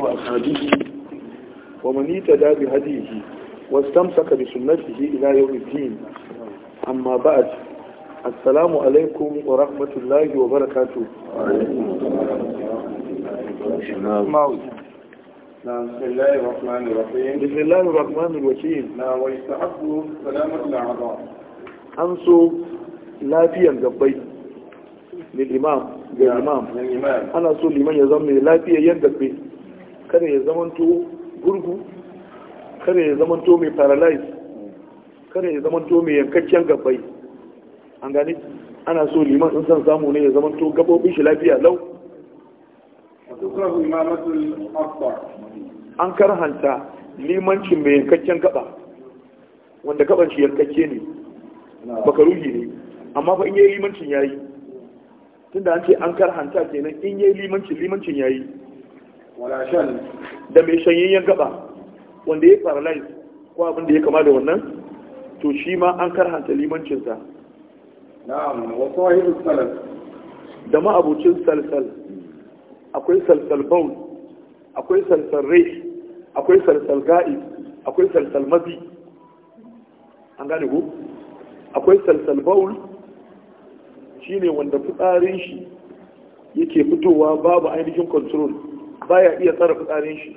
آله وأصحابه ومن يتدى بهديه واستمسك بسنته إلى يوم الدين أما بعد السلام عليكم ورحمة الله وبركاته بسم الله الرحمن الرحيم بسم الله الرحمن الرحيم نعم ويستحب سلامة الأعضاء أنسو لا في نعم، للإمام للإمام أنا سو لمن يزمني لا في ينجبين kada ya zamanto gurgu kada ya zamanto mai paralyze kada ya zamanto mai yankakken gabbai an gane ana so liman sun san samu ne ya zamanto gabobin shi lafiya lau an karhanta limancin mai yankakken gaba wanda gaban shi yankakke ne bakaruhi ne amma fa in yi limancin yayi tunda an ce an karhanta kenan in yi limancin limancin yayi da mai shanyayyen gaba wanda ya paralyze ko abin da ya kama da wannan to shi ma an karhanta limancinsa na'am wa sahibu salal da ma abucin salsal akwai salsal baul akwai salsal rai akwai salsal ga'i akwai salsal mazi an gane ku akwai salsal baul shine wanda fitsarin shi yake fitowa babu ainihin control baya iya tsara fitsarin shi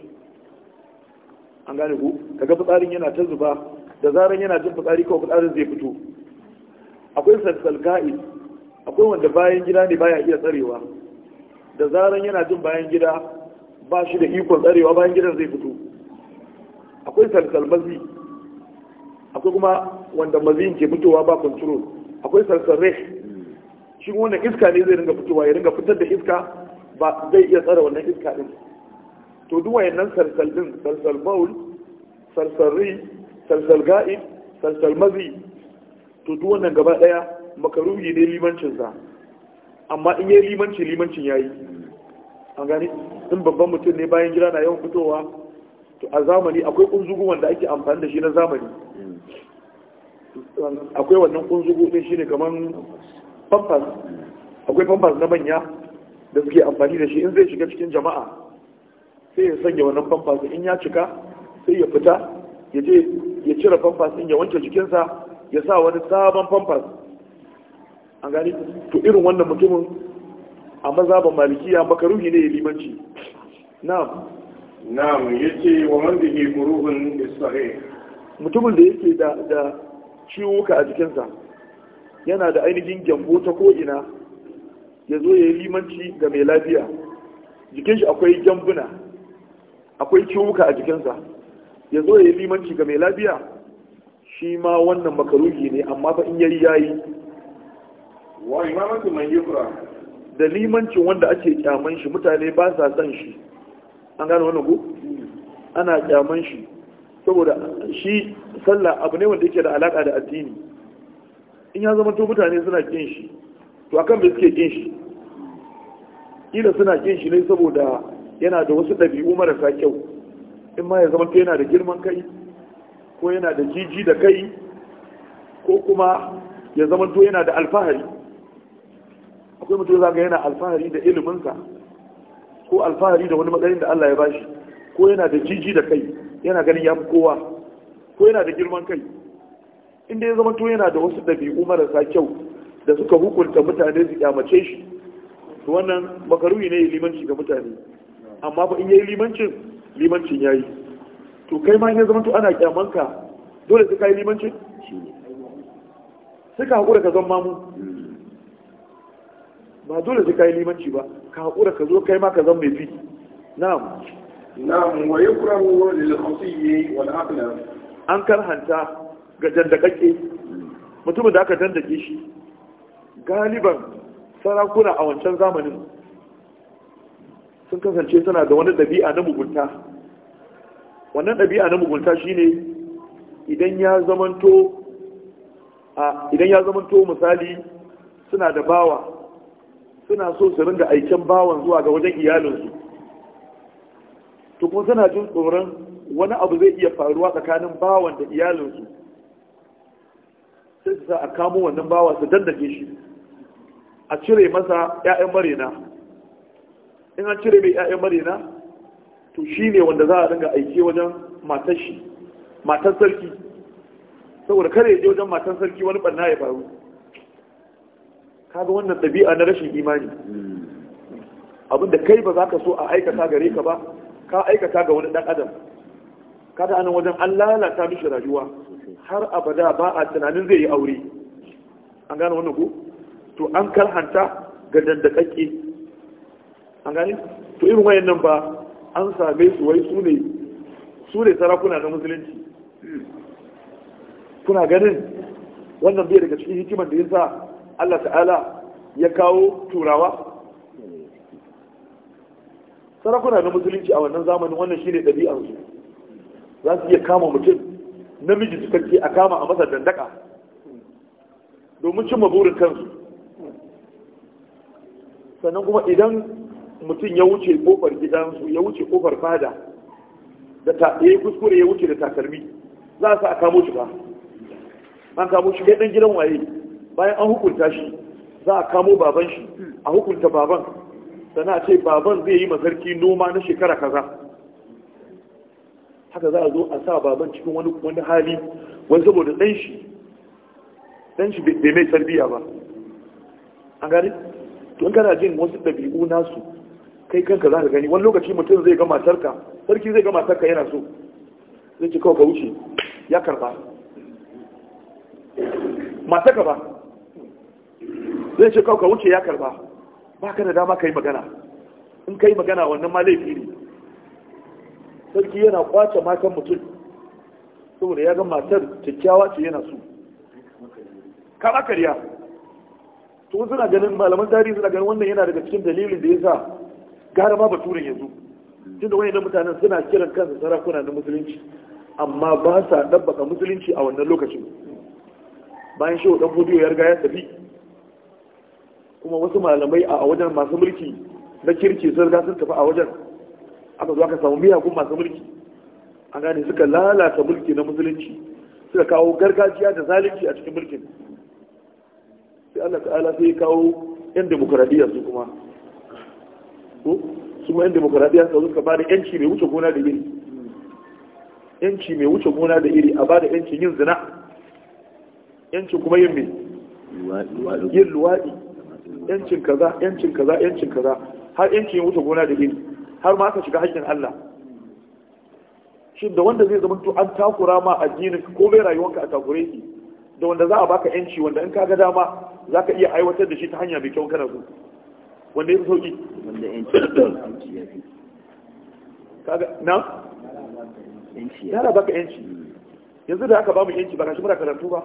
an gane ku kaga fitsarin yana ta zuba da zaran yana jin fitsari kawai fitsarin zai fito akwai salsalga'i akwai wanda bayan gida ne baya iya tsarewa da zaran yana jin bayan gida ba shi da ikon tsarewa bayan gidan zai fito akwai salsalmazi akwai kuma wanda mazin ke fitowa ba control akwai salsalre shi wannan iska ne zai ringa fitowa ya ringa fitar da iska ba zai iya tsara wannan iska din to duk nan salsal din salsal baul salsal ri salsal ga'i salsal mazi to duk wannan gaba daya makaruhi ne limancin sa amma in yayi limanci limancin yayi an gani in babban mutum ne bayan gida na yawan fitowa to a zamani akwai kunzugu wanda ake amfani da shi na zamani akwai wannan kunzugu din shine kaman pampas akwai pampas na manya da suke amfani da shi in zai shiga cikin jama'a sai ya sanya wannan famfas in ya cika sai ya fita ya je ya cire famfas din ya wanke jikinsa ya sa wani sabon famfas an gani to irin wannan mutumin a mazaban malikiya makaruhi ne ya limanci na'am na'am yace wa man bihi muruhun mutumin da yake da da ciwuka a jikinsa yana da ainihin gyambo ta ko'ina ya zo ya yi limanci ga mai lafiya jikin shi akwai jambuna akwai ciwuka a jikinsa ya zo ya yi limanci ga mai lafiya shi ma wannan makaruki ne amma fa in yayi yayi wa da limancin wanda ake kyaman shi mutane ba sa san shi an gane wannan ko ana kyaman shi saboda shi sallah abu ne wanda yake da alaka da addini in ya zama to mutane suna kin shi to a kan bai suke kin shi ila suna kin shi ne saboda yana da wasu ɗabi'u marasa kyau in ma ya zama yana da girman kai ko yana da jiji da kai ko kuma ya zama to yana da alfahari akwai mutum za ga yana alfahari da iliminsa ko alfahari da wani matsayin da Allah ya bashi ko yana da jiji da kai yana ganin ya fi kowa ko yana da girman kai inda ya zama to yana da wasu ɗabi'u marasa kyau da suka hukunta mutane su kyamace shi to wannan makaruni ne limanci ga mutane amma ba in yayi limancin limancin yayi to kai ma ya zama to ana kyamanka dole sai kai limancin sai ka hakura ka zama mu ba dole sai kai limanci ba ka hakura ka zo kai ma ka zama mai bi na'am na'am wa yukrahu lil khafiyyi wal aqlab an karhanta ga dandakakke hmm. mutumin da aka dandake shi galiban sarakuna a wancan zamanin sun kasance suna da wani ɗabi'a na mugunta wannan ɗabi'a na mugunta shine idan ya zamanto idan ya zamanto misali suna da bawa suna so su rinda aikin bawan zuwa ga wajen iyalinsu tukun kuma suna jin tsoron wani abu zai iya faruwa tsakanin bawan da iyalinsu sai su sa a kamo wannan bawa su dandake shi a cire masa 'ya'yan marina in an cire mai 'ya'yan marina to shi ne wanda za a dinga aike wajen matan shi matan sarki saboda kare je wajen matan sarki wani barna ya faru kaga wannan ɗabi'a na rashin imani abinda kai ba za ka so a aikata gare ka ba ka aikata ga wani ɗan adam kada anan wajen an lalata mishi rayuwa har abada ba a tunanin zai yi aure an gane wannan ko to an karhanta ga dandakakke an gani to irin wayan nan ba an same su wai su ne su ne sarakuna na musulunci kuna ganin wannan bai daga cikin hikimar da ya sa Allah ta'ala ya kawo turawa sarakuna na musulunci a wannan zamanin wannan shi ne ɗabi'ansu. za su iya kama mutum namiji su a kama a masa dandaka domin cimma burin kansu sannan kuma idan mutum ya wuce kofar gidansu ya wuce kofar fada da ta yi kuskure ya wuce da takalmi za a sa a kamo shi ba an kamo shi kai dan gidan waye bayan an hukunta shi za a kamo baban shi a hukunta baban sannan ce baban zai yi masarki noma na shekara kaza haka za a zo a sa baban cikin wani wani hali wani saboda dan shi dan shi bai mai tarbiya ba an gani to kana jin wasu ɗabi'u nasu kai kanka za ka gani wani lokaci mutum zai ga matarka sarki zai ga matarka yana so zai ci kawai ka wuce ya karba matarka ba zai ce kawai ka wuce ya karba ba ka da dama ka yi magana in ka yi magana wannan ma laifi ne sarki yana kwace matan mutum saboda ya ga matar kyakkyawa ce yana so kama karya to suna ganin malaman tarihi suna ganin wannan yana daga cikin dalilin da ya sa gara ma baturen yanzu tunda wayannan mutanen suna kiran kansu sarakuna na musulunci amma ba sa dabbaka musulunci a wannan lokacin bayan shi dan fodiyo ya riga ya tafi kuma wasu malamai a wajen masu mulki na kirki sun riga sun tafi a wajen aka zo aka samu miyagun masu mulki an gane suka lalata mulki na musulunci suka kawo gargajiya da zalunci a cikin mulkin sai Allah ta'ala sai kawo yan demokradiyya su kuma su ma yan demokradiyya su suka ba da yanci mai wuce gona da iri yanci mai wuce gona da iri a ba da yancin yin zina yancin kuma yin mai yin luwaɗi yancin kaza yancin kaza yancin kaza har 'yanci mai wuce gona da iri har ma aka shiga haƙƙin Allah shin da wanda zai zama to an takura ma addinin ko bai rayuwanka a takure shi da wanda za a baka yanci wanda in ka dama za ka iya aiwatar da shi ta hanya mai kyau kana zo. wanda ya sauki wanda yanci kaga na yanci yanzu da aka bamu yanci ba ka shi muna karatu ba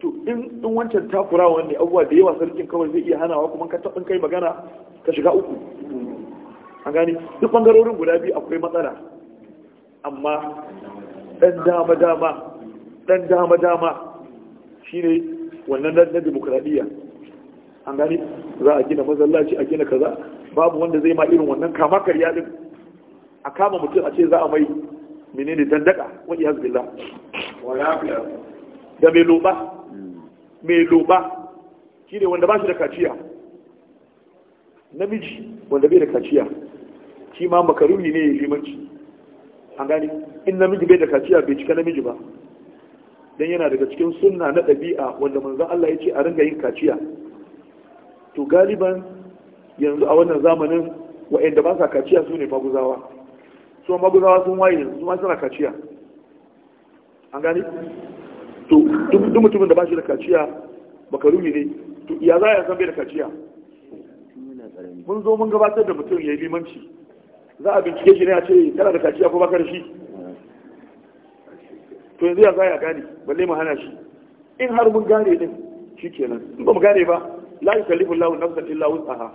to in in wancan takura ne abubuwa da yawa sarkin kawai zai iya hanawa kuma ka taɓin kai magana ka shiga uku an gani duk bangarorin guda biyu akwai matsala amma ɗan dama dama ɗan dama dama Shi ne wannan na demokradiyya an gani za a gina masallaci a gina kaza babu wanda zai ma irin wannan kama karya din a kama mutum a ce za a mai menene dandaka wani hasbillah da mai loba mai loba shi ne wanda ba shi da kaciya namiji wanda bai da kaciya shi ma makaruni ne ya limanci an gani in namiji bai da kaciya bai cika namiji ba dan yana daga cikin sunna na ɗabi'a wanda manzon Allah ya ce a ringa yin kaciya to galiban yanzu a wannan zamanin wa'anda ba sa kaciya su ne maguzawa su maguzawa sun waye yanzu su ma suna kaciya an gani to duk mutumin da ba shi da kaciya bakaruni ne to ya za a san bai da kaciya mun zo mun gabatar da mutum ya yi limanci za a bincike shi ne a ce kana da kaciya ko baka da shi to yanzu ya za ya gane balle mu hana shi in har mun gane din kenan, in ba mu gane ba la yukallifu Allahu nafsan illa wus'aha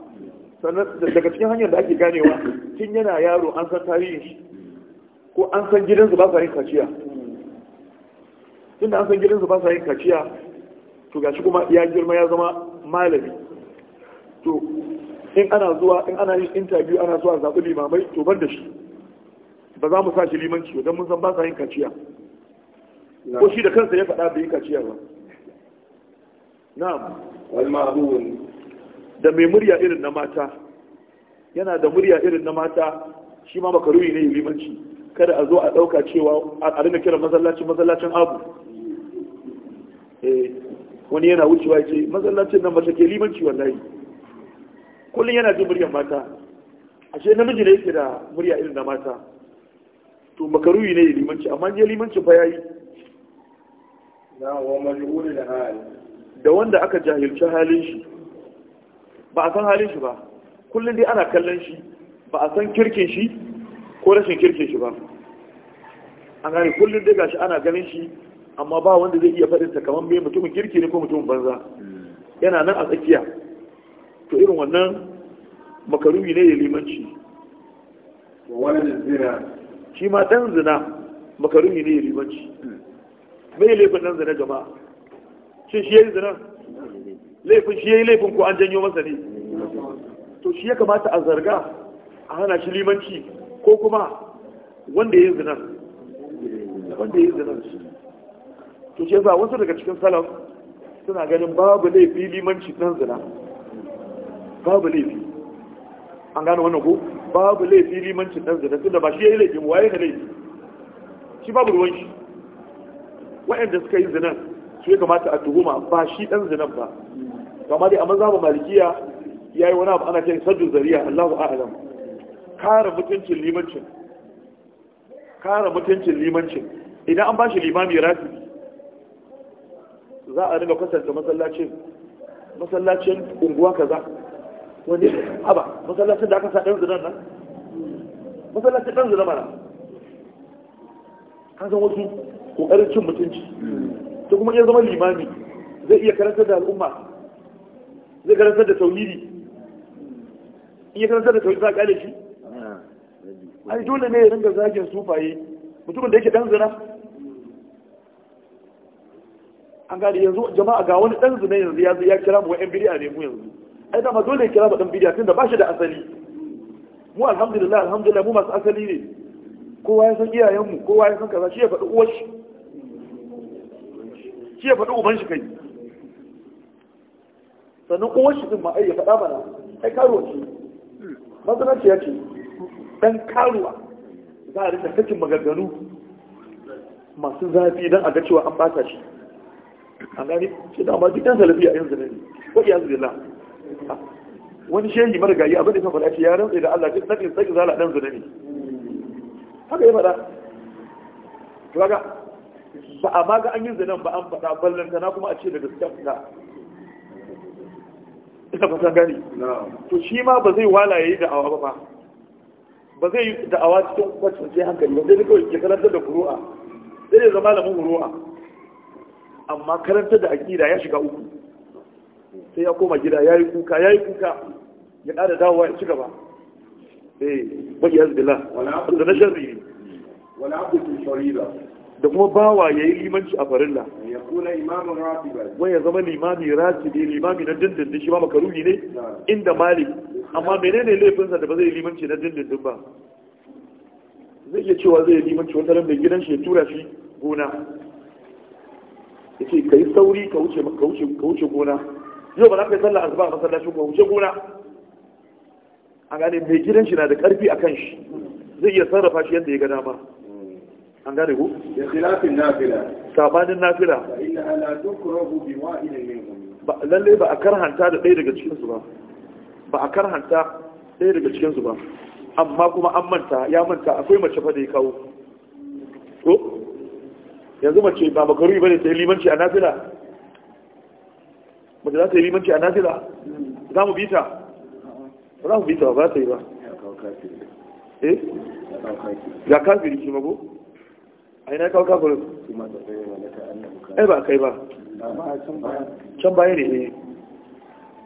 sannan daga cikin hanyar da ake ganewa tun yana yaro an san tarihin shi ko an san gidansu ba sa yin kaciya tun da an san gidansu ba sa yin kaciya to gashi kuma ya girma ya zama malami to in ana zuwa in ana yin interview ana zuwa zaɓi limamai to bar da shi ba za mu sa shi limanci don mun san ba sa yin kaciya ko shi da kansa ya faɗa da yi kaciya ba Na. da mai murya irin na mata yana da murya irin na mata shi ma makaruyi ne limanci kada a zo a ɗauka cewa a rinka kiran masallacin masallacin abu eh, wani yana wucewa ce masallacin nan mace ke limanci wallahi kullum yana jin muryar mata ashe namiji ne yake da murya irin na mata to makaruyi ne limanci amma ya limanci fa yayi da wanda aka jahilci halin shi ba a san halin shi ba kullum dai ana kallon shi ba a san kirkin shi ko rashin kirkin shi ba an gani kullum dai gashi ana ganin shi amma ba wanda zai iya faɗin kamar mai mutumin kirki ne ko mutumin banza yana nan a tsakiya to irin wannan makarumi ne ya limanci shi ma ɗan zina makarumi ne ya limanci mai laifin nan zina jama'a shin shi yi zina laifin shi yi laifin ko an janyo masa ne to shi ya kamata a zarga a hana shi limanci ko kuma wanda yi zina wanda yi zina to shi yasa wasu daga cikin salaf suna ganin babu laifi limanci nan zina babu laifi an gano wannan ko babu laifi limanci nan zina tunda ba shi yayi laifi waye ka laifi shi babu ruwan shi waɗanda suka yi zinan su ya kamata a tuhuma ba shi ɗan zinan ba kama dai a mazhabin malikiya ya yi wani abu ana kai sajju zariya Allahu a'lam kare mutuncin limancin kare mutuncin limancin idan an bashi limami rafi za a riga kwatanta masallacin masallacin unguwa kaza wani haba masallacin da aka sa ɗan zinan nan masallacin ɗan zinan mana kan san wasu kokarin cin mutunci to kuma ya zama limami zai iya karantar da al'umma zai karantar da tauhidi in ya karantar da tauhidi za a kyale shi ai dole ne ya ringa zagin sufaye mutumin da yake dan zina an gane yanzu jama'a ga wani dan zina yanzu ya ya kira mu wa'en bid'a ne mu yanzu ai dama dole ya kira mu dan bid'a tunda ba shi da asali mu alhamdulillah alhamdulillah mu masu asali ne kowa ya san iyayenmu kowa ya san kaza shi ya faɗi uwar shi shi ya faɗi uban shi kai sannan uwan shi din ma ai ya faɗa mana ai karuwa ce mazanarci ya ce ɗan karuwa za a rika kakin maganganu masu zafi don a ga cewa an bata shi A gani shi da amma jikin salafi a yanzu ne ko iya la wani shehi mara gayi abin da ta faɗa shi ya rantsa da Allah duk nakin sakin zala ɗan zunani ne haka ya faɗa ba a maga an yi zanen ba an faɗa ballanta na kuma a ce da gaskiya fita ina fasa gani to shi ma ba zai wala ya yi da'awa ba ba ba zai yi da'awa cikin je hankali ba zai kawai ke karantar da kuru'a sai ya zama lamun kuru'a amma karantar da akida ya shiga uku sai ya koma gida ya yi kuka ya yi kuka ya ƙara dawowa ya ci gaba eh ba iya zbila da na shari'i ne wala abu tun da kuma bawa ya yi limanci a farilla wai ya zama limami ne, limami na dindindin shi ba makaruhi ne inda malik amma menene laifinsa da ba zai limanci na dindindin ba zai iya cewa zai limanci wata ran da gidan shi ya tura shi gona ya ce ka yi sauri ka wuce gona yau ba za ka yi sallah asuba a masallacin ka wuce gona a gane mai gidan shi na da karfi a kan shi zai iya sarrafa shi yadda ya ga dama an gane ku ikhtilafin nafila sabanin nafila inna la tukrahu bi wa'ilin minhum ba lalle ba a karhanta da ɗaya daga cikin ba ba a karhanta ɗaya daga cikin ba amma kuma an manta ya manta akwai mace fa da ya kawo ko? yanzu mace ba makaru ba ne ta yi limanci a nafila mace za ta yi limanci a nafila za mu bita ba za mu bita ba za ta yi ba ya eh? kafiri shi mago a ina kawo kafirin ai ba kai ba can baya ne ne eh.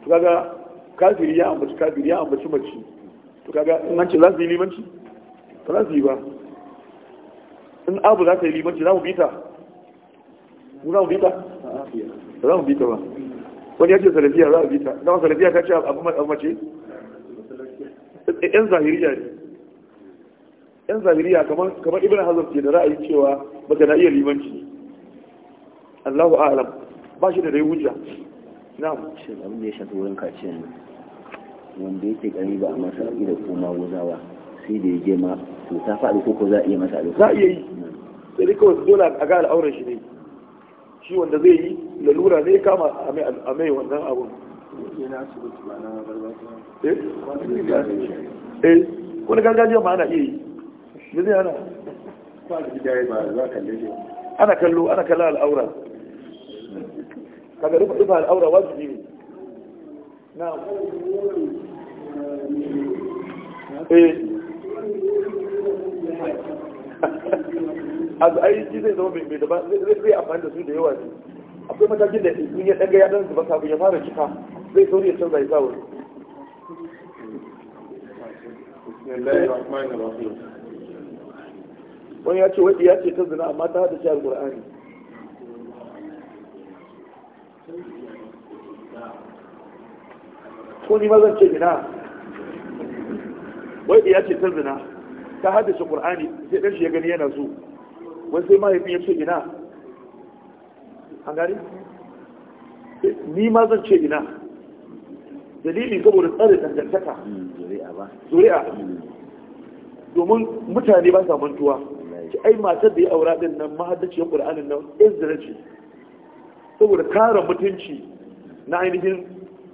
to kaga kafiri ya ambaci kafiri ya ambaci mace to kaga in an ce za su yi limanci ba za su yi ba in abu za ka yi limanci za mu bita mu za mu bita ba za mu bita ba wani ya ce salafiya za mu bita dama salafiya ta ce abu mace yan zahiriya ne yan zagiriya kamar kamar ibn hazm ke da ra'ayi cewa baka na iya limanci Allahu a'lam ba shi da dai hujja Na shi abin da ya shafi wurin kaciya ne wanda yake gari ba a masa da kuma guzawa sai da ya je ma to ta faɗi ko ko za a iya masa alƙawari za a iya yi sai dai kawai dole a ga al'auran shi ne shi wanda zai yi lalura ne kama a mai wannan abun eh? Eh? wani gargajiya ma ana iya yi لذي أنا أنا كلو أنا كلا الأورا كان ربع ربع الأورا واجبي نعم إيه أز أي شيء زي ده مين مين دبا زي زي أفهم ده شو ده هو أبدا ما تجد مين يتجي يا دنس بس أبغى يفارق شكا زي سوري يصير زي زاوي بسم الله الرحمن الرحيم wani ya ce wadda ya ce ta zina amma ta hada shi al-qur'ani ko ni mazan ce zina wadda ya ce ta zina ta hada shi al-qur'ani sai dan shi ya gani yana so wani sai mahaifin ya ce ina an gani ni ma zan ce ina dalili saboda tsare dangantaka hmm, zuri'a hmm. domin mutane ba sa mantuwa ce ai matar da ya aura din nan mahaddaciyar qur'anin nan izra ce saboda kare mutunci na ainihin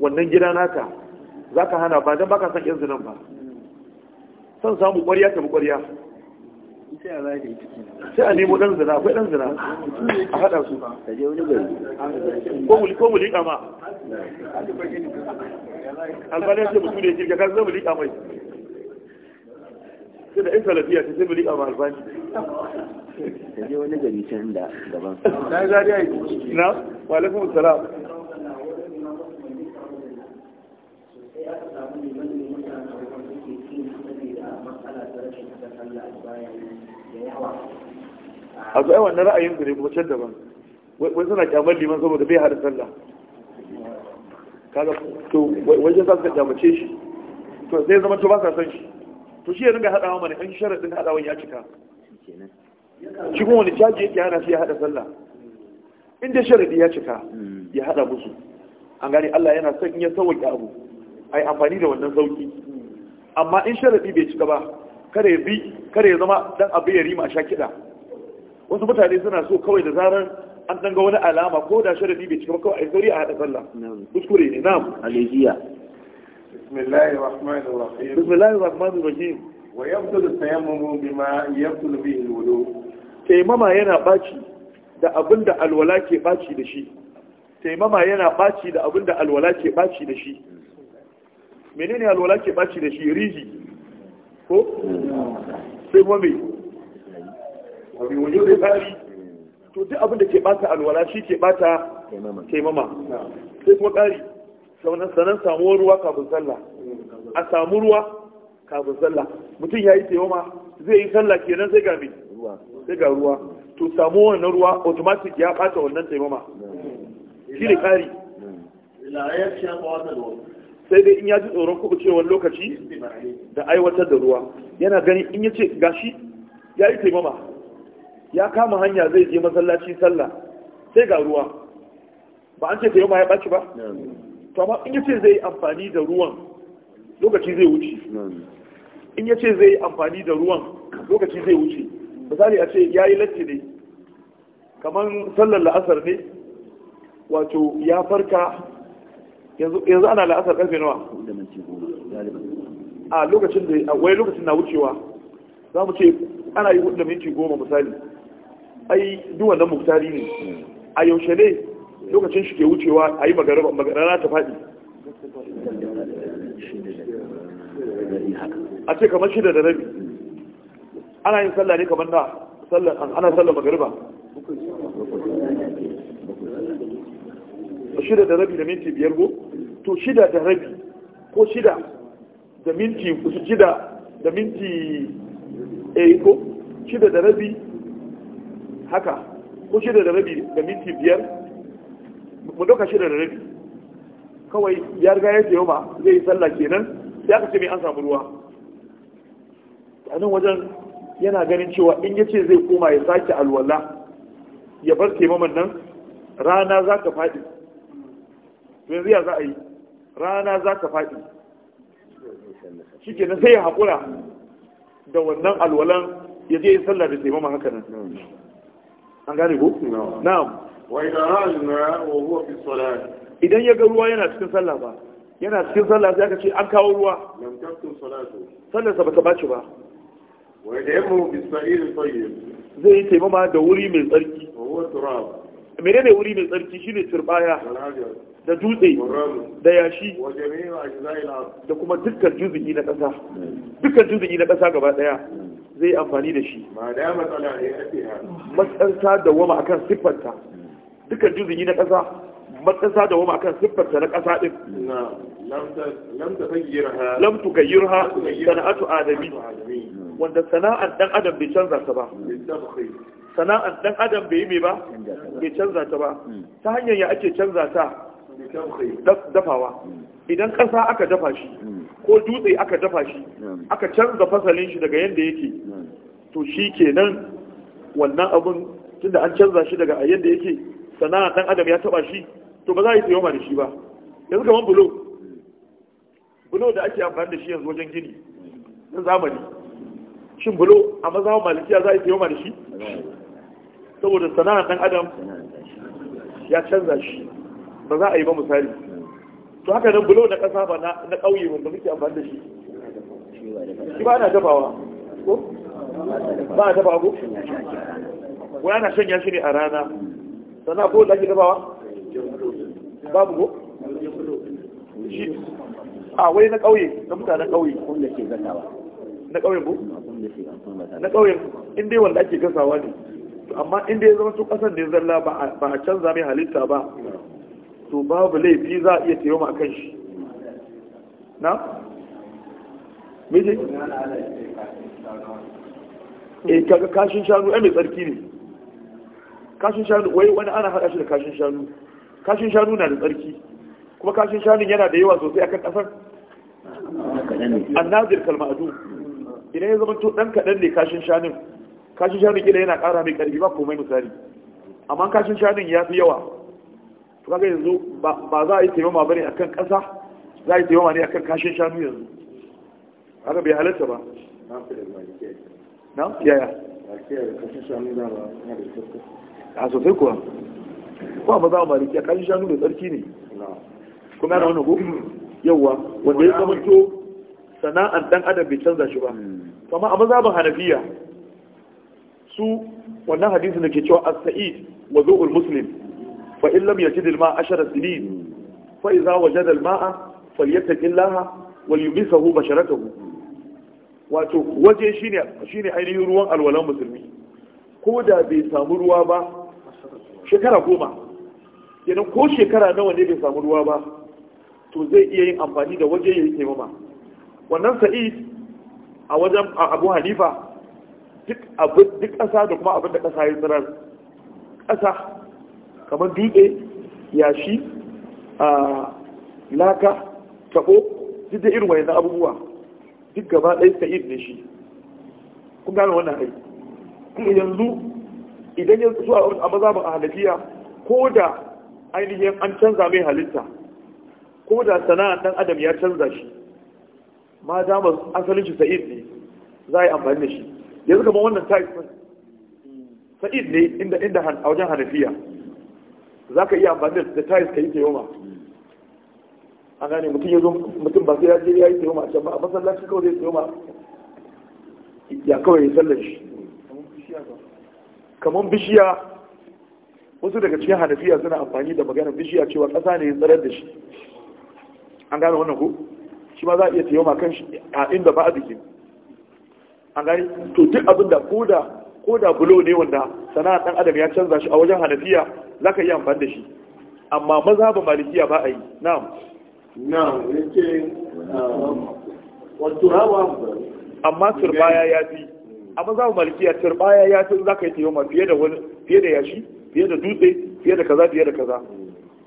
wannan gida naka ka hana ba ba baka san yanzu nan ba san samu ƙwarya ta ƙwarya sai a nemo ɗan zina akwai ɗan zina a haɗa su ko mu liƙa ma albalin ce mutu ne kirka kan zama liƙa mai sai da in salafiya ta sai mu ta je wani gari can da gaban na zariya yi na a zuwa wannan ra'ayin su ne kuma can daban wai suna kyamar liman saboda bai hada sallah kaga to wajen za su kyamace shi to sai zama to ba sa san shi to shi ya ringa haɗawa mana ɗan sharaɗin haɗawan ya cika shi kuma wani caji yake yana shi ya haɗa sallah in dai sharadi ya cika mm. ya haɗa musu an gane Allah yana son in ya sauƙi abu ai amfani da wannan sauƙi amma in sharadi bai cika ba kada ya bi kare zama dan abu ya rima sha kiɗa wasu mutane suna so kawai da zarar an ɗan ga wani alama ko da sharadi bai cika ba kawai a yi sauri a haɗa sallah kuskure ne na'am alayhiya بسم الله الرحمن الرحيم بسم الله الرحمن الرحيم ويبطل التيمم بما يبطل به الوضوء taimama taimama yana baci da abin alwala ke baci da shi menene alwala ke baci da shi riji ko sai mame wani wajen sannan samuwar ruwa kafin sallah a samu ruwa kafin sallah mutum ya yi taimama. zai yi sallah kenan sai ga mai sai ga ruwa to samu wannan ruwa automatic ya fata wannan taimama shi ne kari sai dai in ya ji tsoron cewar lokaci da aiwatar da ruwa yana gani in ya ce gashi ya yi taimama ya kama hanya zai je masallaci sallah sai ga ruwa ba an ce taimama ya ɓaci ba to amma in yace zai amfani da ruwan lokaci zai wuce in yace zai amfani da ruwan lokaci zai wuce misali a ce yayi latti ne kamar sallar la'asar ne wato ya farka yanzu ana la'asar karfe nawa a lokacin da wai lokacin na wucewa za mu ce ana yi hudu da minti goma misali ai duwannan muktari ne a yaushe ne lokacin shi ke wucewa a yi magarana ta faɗi a ce kamar shida da rabi ana yin sallah ne kamar na ana sallah magariba shida da rabi da minti biyar go to shida da rabi ko shida da minti kusa shida da minti eh ko shida da rabi haka ko shida da rabi da minti biyar mu doka shida da rabi kawai ya riga ya sayo ma zai yi sallah kenan sai aka ce mai an samu ruwa a nan wajen yana ganin cewa in ya ce zai koma ya sake alwala ya bar taimaman nan rana za ka faɗi yanzu ya za a yi rana za ka faɗi shi kenan sai ya haƙura da wannan alwalan ya je yi sallah da taimama haka nan an gane ko? na'am idan ya ga ruwa yana cikin sallah ba yana cikin sallah sai aka ce an kawo ruwa sallarsa ba ta bace ba zai yi taimama da wuri mai tsarki mene ne wuri mai tsarki shine turbaya da dutse da yashi da kuma dukkan juzugi na ƙasa dukkan juzugi na ƙasa gaba ɗaya zai amfani da shi matsanta da wama akan siffanta dukkan yi na ƙasa matsasa da wama akan siffarta na ƙasa ɗin lam tugayyirha sana'atu adami wanda sana'ar ɗan adam bai canza ta ba sana'ar ɗan adam bai yi mai ba bai canza ta ba hmm. ta hanyar ya ake canza ta dafawa hmm. idan ƙasa aka dafa shi hmm. ko dutse aka dafa shi aka canza fasalin shi daga yadda yake to shi kenan wannan abin tunda an canza shi daga yadda yake sannan dan adam ya taba shi to ba za a yi tsayoma da shi ba yanzu kamar bulo bulo da ake amfani da shi yanzu wajen gini na zamani shin bulo a mazhaban malikiya za a yi tsayoma da shi saboda sana'ar dan adam ya canza shi ba za a yi ba misali to haka nan bulo na kasa ba na ƙauye wanda muke amfani da shi shi ba na dafawa ko ba a dafa ko wani na shanya shi ne a rana Sana ko da ake gabawa babu ko a wai na ƙauye na mutanen ƙauye wanda ke gasawa na ƙauyen ko na ƙauyen in dai wanda ake gasawa ne amma in dai zama su ƙasar ne zalla ba a canza mai halitta ba to babu laifi za a iya tayo ma kan shi na? miji? e eh, kaga kashin shanu ya mai tsarki ne kashin shanu wai wani ana haɗa shi da kashin shanu kashin shanu na da tsarki kuma kashin shanu yana da yawa sosai akan ƙasar annazir kalma'adu idan ya zama to ɗan kaɗan ne kashin shanun kashin shanun gida yana ƙara mai ƙarfi ba komai misali amma kashin shanun ya fi yawa to kaga yanzu ba za a yi taimama bane akan ƙasa za a yi taimama ne akan kashin shanu yanzu haka bai halatta ba na yaya kashin shanu da ba a sosai kuwa kuma ba za a maliki a kashin shanu da tsarki ne kuma yana wani gobe yauwa wanda ya zama to sana'ar dan adam bai canza shi ba kama hmm. a mazhabin hanafiya su wannan hadisi da ke cewa a said wa zu'ul muslim fa in ya ci al-ma'a ashara sinin hmm. fa idza wajada al-ma'a falyattaqillaha hu yumisahu basharatahu wato waje shine shine ainihin ruwan alwalan musulmi ko da bai samu ruwa ba shekara goma idan ko shekara nawa ne bai samu ruwa ba to zai iya yin amfani da waje ya yi taimama wannan sa'id a wajen abu hanifa duk abin duk ƙasa da kuma abin da ƙasa ya tsirar ƙasa kamar dutse yashi a laka taɓo duk da irin wayannan abubuwa duk gaba ɗaya sa'id ne shi kun gane wannan kuma yanzu idan ya zuwa a a ahalafiya ko da ainihin an canza mai halitta ko da sana'an dan adam ya canza shi ma damar asalin shi sa'id ne za a yi amfani da shi yanzu kamar wannan ta'id sa'id ne inda inda a wajen hanafiya za ka iya amfani da ta'id ka yi yoma a gane mutum ya zo mutum ba sai ya je ya yi yoma a can ba a masallaci kawai zai yoma ya kawai ya sallar shi kamar bishiya wasu daga cikin hanafiya suna amfani da maganar bishiya cewa ƙasa ne tsarar da shi an gane wannan ku shi ma za a iya ma kan shi a inda ba a jiki an gani to duk abin da koda koda bulo ne wanda sana'ar dan adam ya canza shi a wajen hanafiya za ka yi amfani da shi amma maza ba malikiya ba a yi na'am na'am yace ah, wato rawa amma turbaya ya fi a mazhabin malikiya turbaya ya tun za ka yi taimama fiye da wani fiye da yashi fiye da dutse fiye da kaza fiye da kaza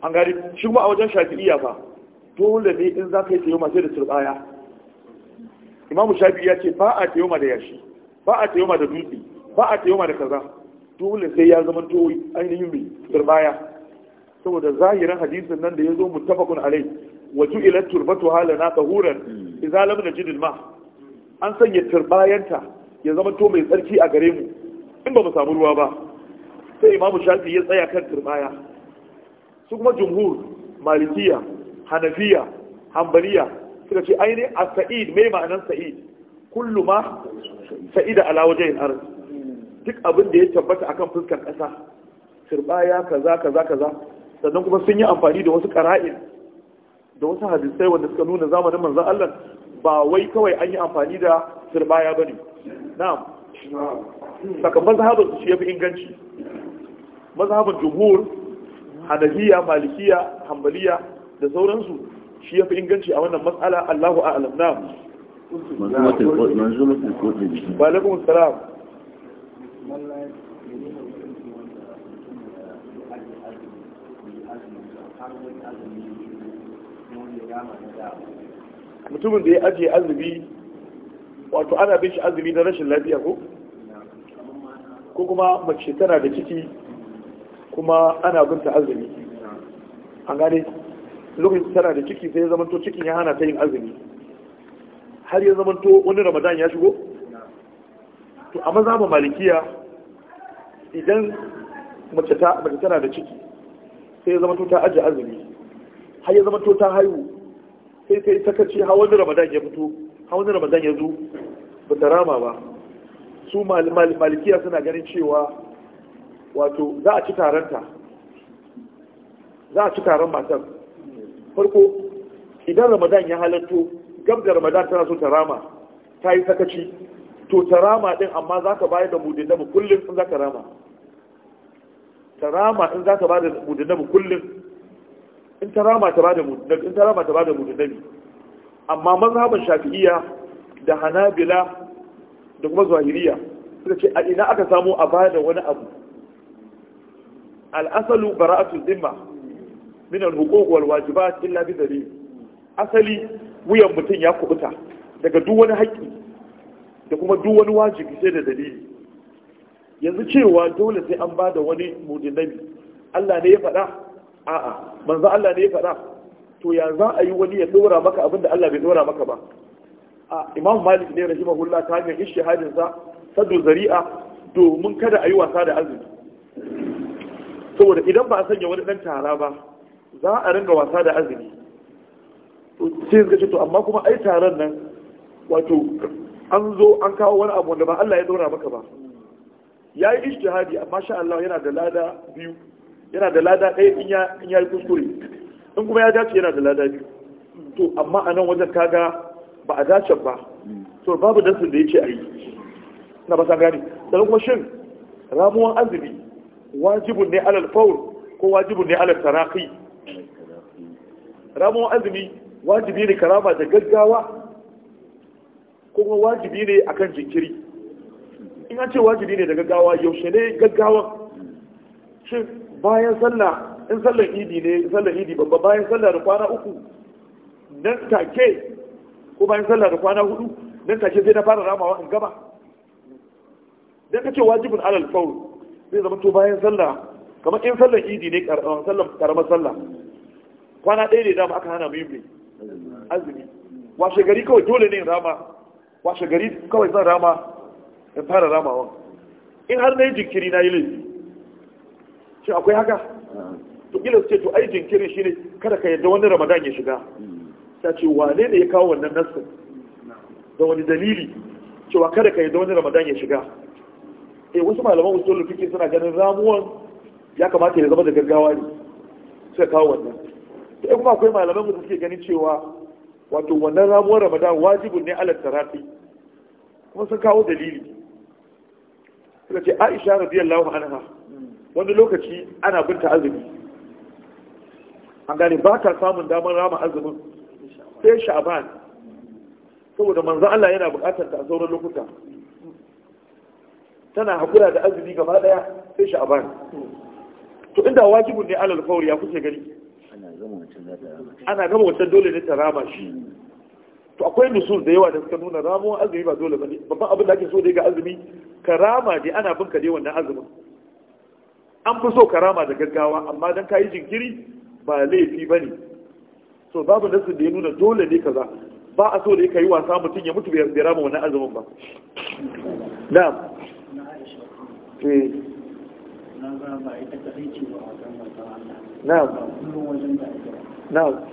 an gani shi kuma a wajen shafi'iyya fa dole ne in za ka yi ma sai da turbaya imamu shafi'i ya ce ba a ma da yashi ba a ma da dutse ba a ma da kaza dole sai ya zama to ainihin mai turbaya saboda zahirin hadisin nan da ya zo mutabakun alai wa ju'ilat turbatu halana tahuran idza lam najid al-ma an sanya turbayanta ya zama to mai tsarki a gare mu in ba mu samu ruwa ba sai imamu shafi ya tsaya kan turbaya su kuma jumhur malikiya hanafiya hambaliya suka ce aini a sa'id mai ma'anar sa'id kullu ma sa'ida ala wajen arz duk abin da ya tabbata akan fuskar ƙasa turbaya kaza kaza kaza sannan kuma sun yi amfani da wasu ƙara'in da wasu hadisai wanda suka nuna zamanin manzan Allah ba wai kawai an yi amfani da turbaya ba ne na'am sakamakon zahabar su ya fi inganci mazhabar jumhur hanafiya malikiya hambaliya da sauransu shi ya fi inganci a wannan matsala allahu a'alam na'am wa salam mutumin da ya ajiye azumi wato ana bin shi azumi da rashin lafiya ko ko kuma mace tana da ciki kuma ana binta azumi an gane lokacin tana da ciki sai ya zamanto cikin ya hana ta yin azumi har ya zamanto wani ramadan ya shigo to a maza ba malikiya idan mace tana da ciki sai ya zamanto ta ajiye azumi har ya zamanto ta haihu sai sai ta kace har wani ramadan ya fito a wani ramadan ya zo ba ta rama ba su malikiya suna ganin cewa wato za a ci taronta za a ci taron matan farko idan ramadan ya halatto gab da ramadan tana so ta rama ta yi sakaci to ta rama din amma za ka bayar da mudin namu kullum in za ka rama ta rama in za ta bada da mudin namu kullum in ta rama ta bada mudin in ta rama ta bada mudin nabi amma mazhaban shafi'iyya da hanabila da kuma zahiriya suka ce a ina aka samu a bada wani abu al'asalu bara'atu zimma min al-huquq wal wajibat illa bi dalil asali wuyan mutum ya kubuta daga duk wani haƙƙi da kuma duk wani wajibi sai da dalili yanzu cewa dole sai an bada wani mudinabi Allah ne ya faɗa a'a manzo Allah ne ya faɗa to ya za a yi wani ya dora maka abinda Allah bai dora maka ba a imam malik ne rahimahullah ta hanyar ishihadin sa sadu zari'a domin kada a yi wasa da azumi saboda idan ba a sanya wani dan tara ba za a ringa wasa da azumi to sai suka ce to amma kuma ai taron nan wato an zo an kawo wani abu da ba Allah ya dora maka ba ya yi ishtihadi amma sha Allah yana da lada biyu yana da lada ɗaya in ya yi kuskure in kuma ya dace yana da lada biyu to amma a nan wajen kaga ba a dace ba to babu dasin da ya ce a yi na ba gane sannan kuma shin ramuwan azumi wajibun ne alal faul ko wajibun ne alal taraki ramuwan azumi wajibi ne karama da gaggawa kuma wajibi ne akan jinkiri in an ce wajibi ne da gaggawa yaushe ne gaggawan shin bayan sallah in sallar idi ne sallar idi babba bayan sallar kwana uku nan take ko bayan sallar kwana hudu nan take sai na fara ramawa in gaba dan kace wajibin alal faul zai zama to bayan sallar kamar in sallar idi ne uh, karamar sallar kwana ɗaya ne dama aka hana mu yi azumi washe gari kawai dole ne rama washe gari kawai zan rama in fara ramawa in har na yi jinkiri na yi laifi shi akwai haka to kila su ce to ai jinkirin shi ne kada ka yadda wani ramadan ya shiga ta ce wane ne ya kawo wannan nassin da wani dalili cewa kada ka yadda wani ramadan ya shiga eh wasu malaman usulul fiqh suna ganin ramuwan ya kamata ya zama da gaggawa ne suka kawo wannan sai kuma akwai malaman da suke ganin cewa wato wannan ramuwar ramadan wajibu ne ala tarafi kuma sun kawo dalili suka ce aisha radiyallahu anha wani lokaci ana binta azumi an gane ba ta samun damar rama azumin sai sha'ban saboda manzo Allah yana buƙatar ta a lokuta tana hakura da azumi gaba daya sai sha'ban to inda wajibin ne alal fawri ya kuce gani ana gama wancan dole ne ta rama shi to akwai nusur da yawa da suka nuna ramuwan azumi ba dole bane babban abin da ake so dai ga azumi karama dai ana bin ka dai wannan azumin an fi so karama da gaggawa amma dan kayi jinkiri ba laifi ba ne so babu nasu da ya nuna dole ne kaza ba a so da ya yi wasa mutum ya mutu bai rama wani azumin ba na eh. Na. Na.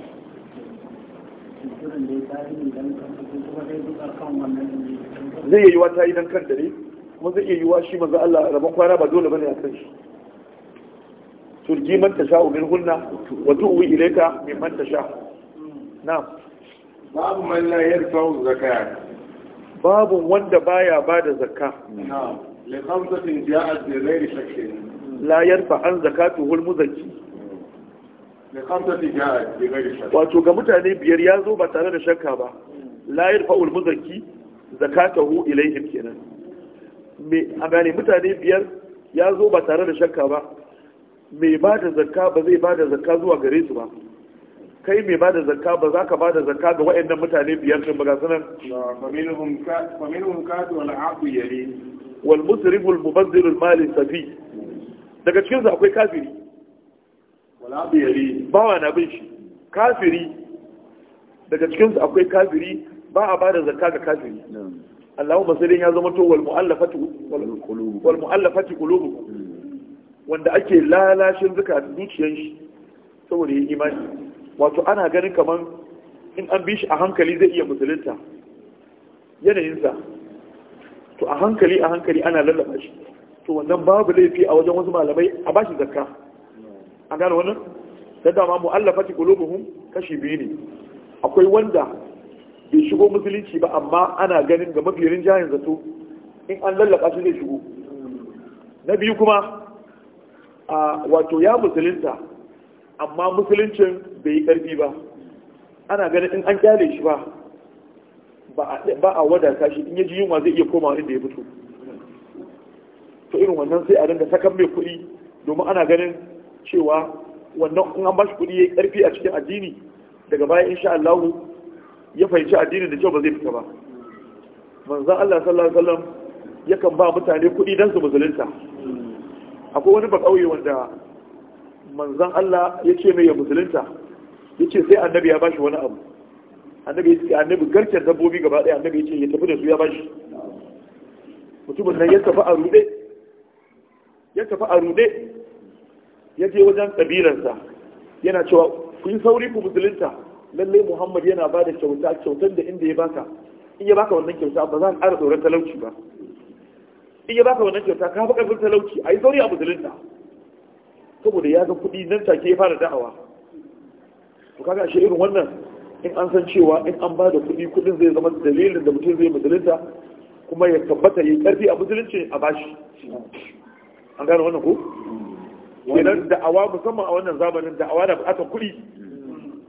zai yi wata ta kan dare kuma zai iya yi wa shi maza Allah rabon kwana ba dole bane a kan shi turji man sha min hunna wa tu'wi ilayka mimman sha na'am babu man la yarfa'u zakat babu wanda baya bada zakka na'am li khamsatin ja'at bi ghairi shakkin la yarfa an zakatuhu al-muzakki li khamsatin ja'at bi ghairi shakkin wato ga mutane biyar ya zo ba tare da shakka ba la yarfa'u al-muzakki zakatahu ilayhim kenan me a gane mutane biyar ya zo ba tare da shakka ba mai ba da zakka ba zai ba da zakka zuwa gare su ba kai mai ba da zakka ba za ka ba da zakka ga waɗannan mutane biyar ɗin ba ga sanar daga cikin su akwai kafiri bawa na bin shi kafiri daga akwai kafiri ba a bada ga kafiri sai ya zama to wal mu'allafati wal mu'allafati wanda ake lalashin zuka zuciyar shi saboda yin imani wato ana ganin kamar in an bi shi a hankali zai iya musulunta yanayinsa to a hankali a hankali ana lallaba shi to wannan babu laifi a wajen wasu malamai a bashi zakka a gane wannan ta dama mu'allafati qulubuhum kashi biyu ne akwai wanda bai shigo musulunci ba amma ana ganin ga mafiyarin jahin zato in an lallaba shi zai shigo na biyu kuma wato ya musulunta amma musuluncin bai yi ƙarfi ba ana ganin in an kyale shi ba ba a wadata shi in yaji yunwa zai iya koma inda ya fito to irin wannan sai a dinga sakan mai kuɗi domin ana ganin cewa wannan in an bashi kuɗi ya yi ƙarfi a cikin addini daga baya insha Allah ya fahimci addini da kyau ba zai fita ba manzo Allah sallallahu alaihi wasallam yakan ba mutane kuɗi dan su musulunta akwai wani ba kauye wanda manzan Allah ya ce mai ya musulunta ya ce sai annabi ya bashi wani abu annabi ya annabi garken dabbobi gaba ɗaya annabi ya ce ya tafi da su ya bashi mutumin nan ya tafi a rude ya tafi a rude ya je wajen kabilarsa yana cewa ku yi sauri ku musulunta lallai Muhammad yana ba da kyauta kyautar da inda ya baka in ya baka wannan kyauta ba za a ƙara tsoron talauci ba in ya baka wannan kyauta ka fi karfin talauci a yi sauri a musulunta saboda ya ga kuɗi nan take ya fara da'awa to kaga shi irin wannan in an san cewa in an ba da kuɗi kuɗin zai zama dalilin da mutum zai musulunta kuma ya tabbata ya ƙarfi a musulunci a bashi an gane wannan ko kenan da'awa musamman a wannan zamanin da'awa na buƙatar kuɗi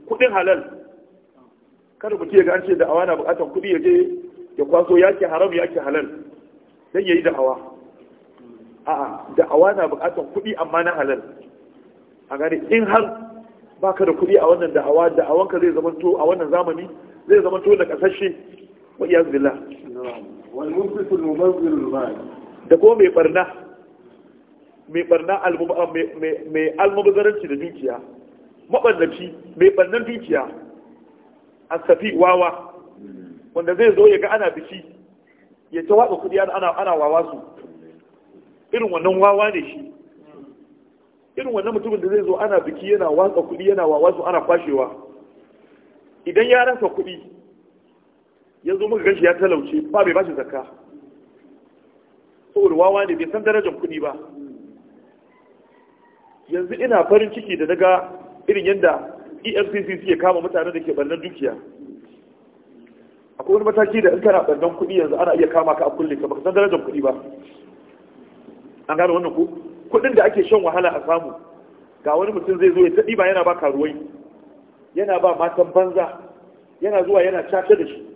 kuɗin halal kada mutum ya ga an ce da'awa na buƙatar kuɗi ya je ya kwaso yake haram yake halal don ya yi da'awa a'a da'awa na bukatar kuɗi amma na halal a gane in har baka da kuɗi a wannan da'awa da'awanka zai zama to a wannan zamani zai zama to da kasashe wa iyaz billah wal munfiq al da ko mai barna mai barna al ah, mai al mubazzaranci da dukiya Maɓallaci, mai barnan dukiya asafi wawa wanda zai zo ya ga ana biki ya ta watsa kudi ana ana wawa su irin wannan wawa ne shi irin wannan mutumin da zai zo ana biki yana watsa kudi yana wawa su ana kwashewa idan ya rasa kudi ya zo muka gashi ya talauce ba bai bashi zakka saboda wawa ne bai san darajar kudi ba yanzu ina farin ciki da daga irin yadda efcc ya kama mutane da ke bannan dukiya akwai wani mataki da in kana ɓandan kuɗi yanzu ana iya kama ka a kulle ka baka san darajar kuɗi ba an gane wannan ku kuɗin da ake shan wahala a samu ga wani mutum zai zo ya taɗi ba yana ba karuwai yana ba matan banza yana zuwa yana caca da shi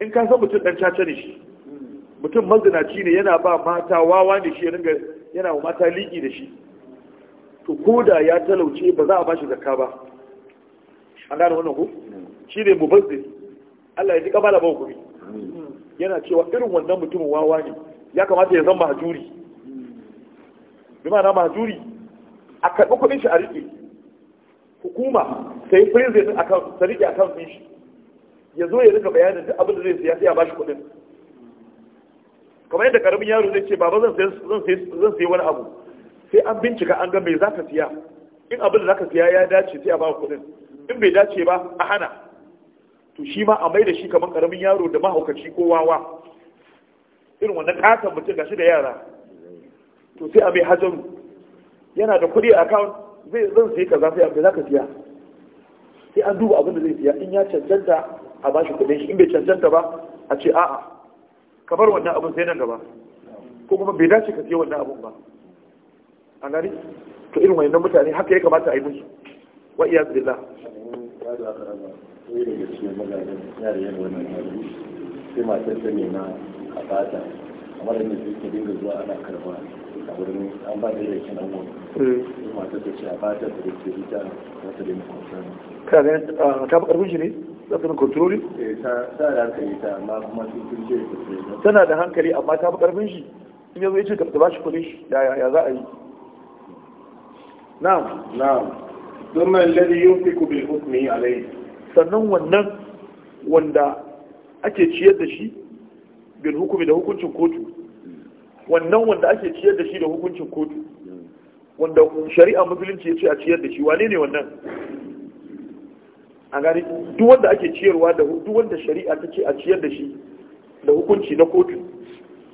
in ka san mutum ɗan caca ne shi mutum mazinaci ne yana ba mata wawa ne shi ya ringa yana wa mata liƙi da shi to ko da ya talauce ba za a ba shi zakka ba an gane wannan ku shi ne mubazzir Allah ya ji kamala ba guri yana cewa irin wannan mutumin wawa ne ya kamata ya zama mahjuri bi na mahjuri a karɓi kuɗin shi a riƙe hukuma ta yi a kan, ta riƙe account ɗin shi ya zo ya rika bayanin duk abin da zai siya sai a bashi kuɗin kamar yadda karamin yaro zai ce baba zan sayi wani abu sai an bincika an ga mai za ka siya in abin da za ka siya ya dace sai a ba kuɗin in bai dace ba a hana to shi ma a mai da shi kamar karamin yaro da mahaukaci ko wawa irin wannan katon mutum shi da yara to sai a mai hajaru yana da kuɗi a account zai zan sai kaza sai abin zaka siya sai an duba abin da zai siya in ya cancanta a bashi kuɗin shi in bai cancanta ba a ce a'a kamar wannan abin sai nan gaba ko kuma bai dace ka siya wannan abin ba a gani to irin wannan mutane haka ya kamata a yi musu wa iyaz billah sai daga cikin yare wannan sai ta nema a bata amma da ne dinga zuwa ana karba a wurin an ba da yare hmm. sai ce a bata da za ta dinga kwanta ka ga ta ba karfin shi ne za ta kontroli? Eh, ta da hankali ta amma kuma sun ce tana da hankali amma ta fi karfin shi in yanzu ya ce ka ba shi kudin ya za a yi na'am na'am ثم الذي sannan wannan wanda ake ciyar da shi bin hukumi da hukuncin kotu wannan wanda ake ciyar da shi da hukuncin kotu wanda shari'a musulunci ya ce a ciyar da shi wane ne wannan a gani duk wanda ake ciyarwa da duk wanda shari'a ta ce a ciyar da shi da hukunci na kotu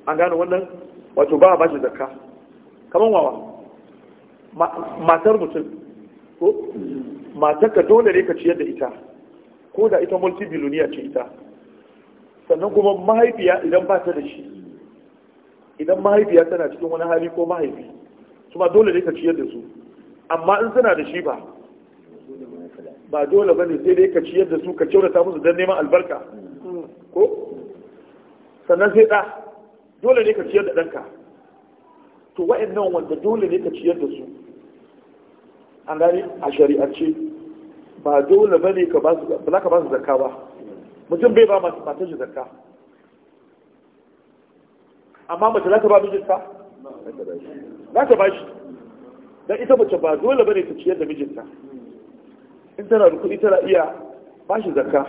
an gane wannan wato ba a bashi zarka kamar wawa matar mutum ko matar ka dole ne ka ciyar da ita ko da ita multi biloniya ce ita sannan kuma mahaifiya idan ba ta da shi idan mahaifiya tana cikin wani hali ko mahaifi kuma dole ne ka ciyar da su amma in suna da shi ba ba dole ba ne sai dai ka ciyar da su ka kyautata musu don neman albarka ko sannan sai ɗa dole ne ka ciyar da ɗanka to wa'annan wanda dole ne ka ciyar da su an gani a ce. ba dole ba ne ba za ka ba su zarka ba mutum bai ba matan shi zarka amma mace za ta ba mijinta za ta ba shi don ita mace ba dole ba ne ta ciyar da mijinta in tana da kuɗi tana iya ba shi zarka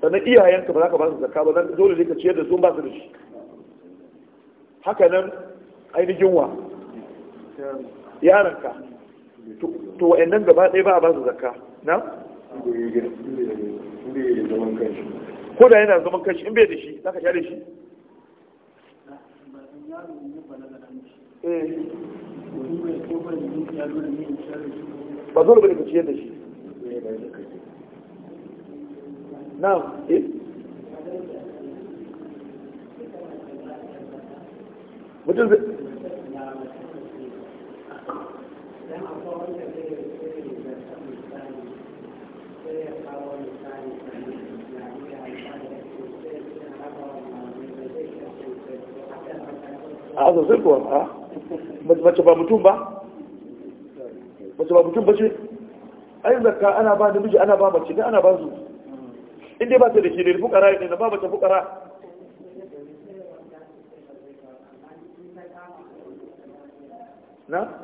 sannan iyayenka ba za ka ba su zarka ba zan dole ne ka ciyar da su ba su da shi haka nan ainihin wa yaranka to wa'annan gaba ɗaya ba a ba su zakka na? ko da yana zaman kashi, in bai da shi za ka da shi? Eh. ba zo da bane ka ciyar da shi na eh mutum zai a zai kuwa ba? mace ba mutum ba mace ba mutum ba ce ai zakka ana ba da namiji ana ba mace ne ana ba su inda ba ta da ke da fukara ne na ba mace fukara na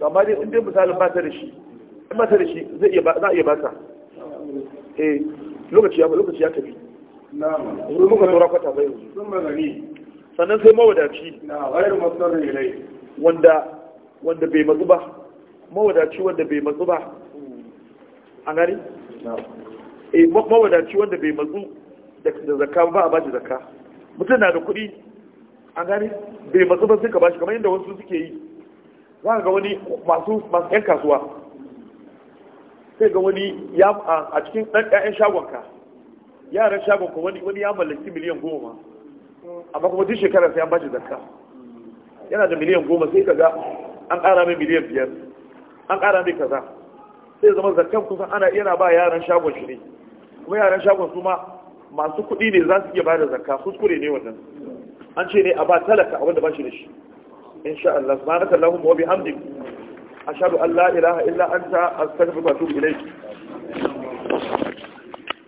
to amma dai inda misalin ba ta da shi in ba ta da shi zai iya za a iya baka eh lokaci ya lokaci ya tafi na'am muka tsora kwata bai sun sannan sai mawadaci na ghairu masarri ilai wanda wanda bai matsu ba mawadaci wanda bai matsu ba an gani eh mawadaci wanda bai matsu da zakka ba a ba shi zakka mutum na da kuɗi an gani bai matsu ba sai ka ba shi kamar yadda wasu suke yi za ga wani masu yan kasuwa sai ga wani ya a cikin ɗan ɗayan shagonka yaran shagonka wani wani ya mallaki miliyan goma amma kuma duk shekara sai an bashi zakka yana da miliyan goma sai kaga an ƙara mai miliyan biyar an ƙara mai kaza sai zama zakkan kusan ana yana ba yaran shagon shi ne kuma yaran shagon su ma masu kuɗi ne za su iya ba da zakka kuskure ne wannan an ce ne a ba talaka a wanda ba shi da shi in sha Allah subhanaka allahumma obi hamdi a an allah ilaha illa anta astaghfiruka wa atubu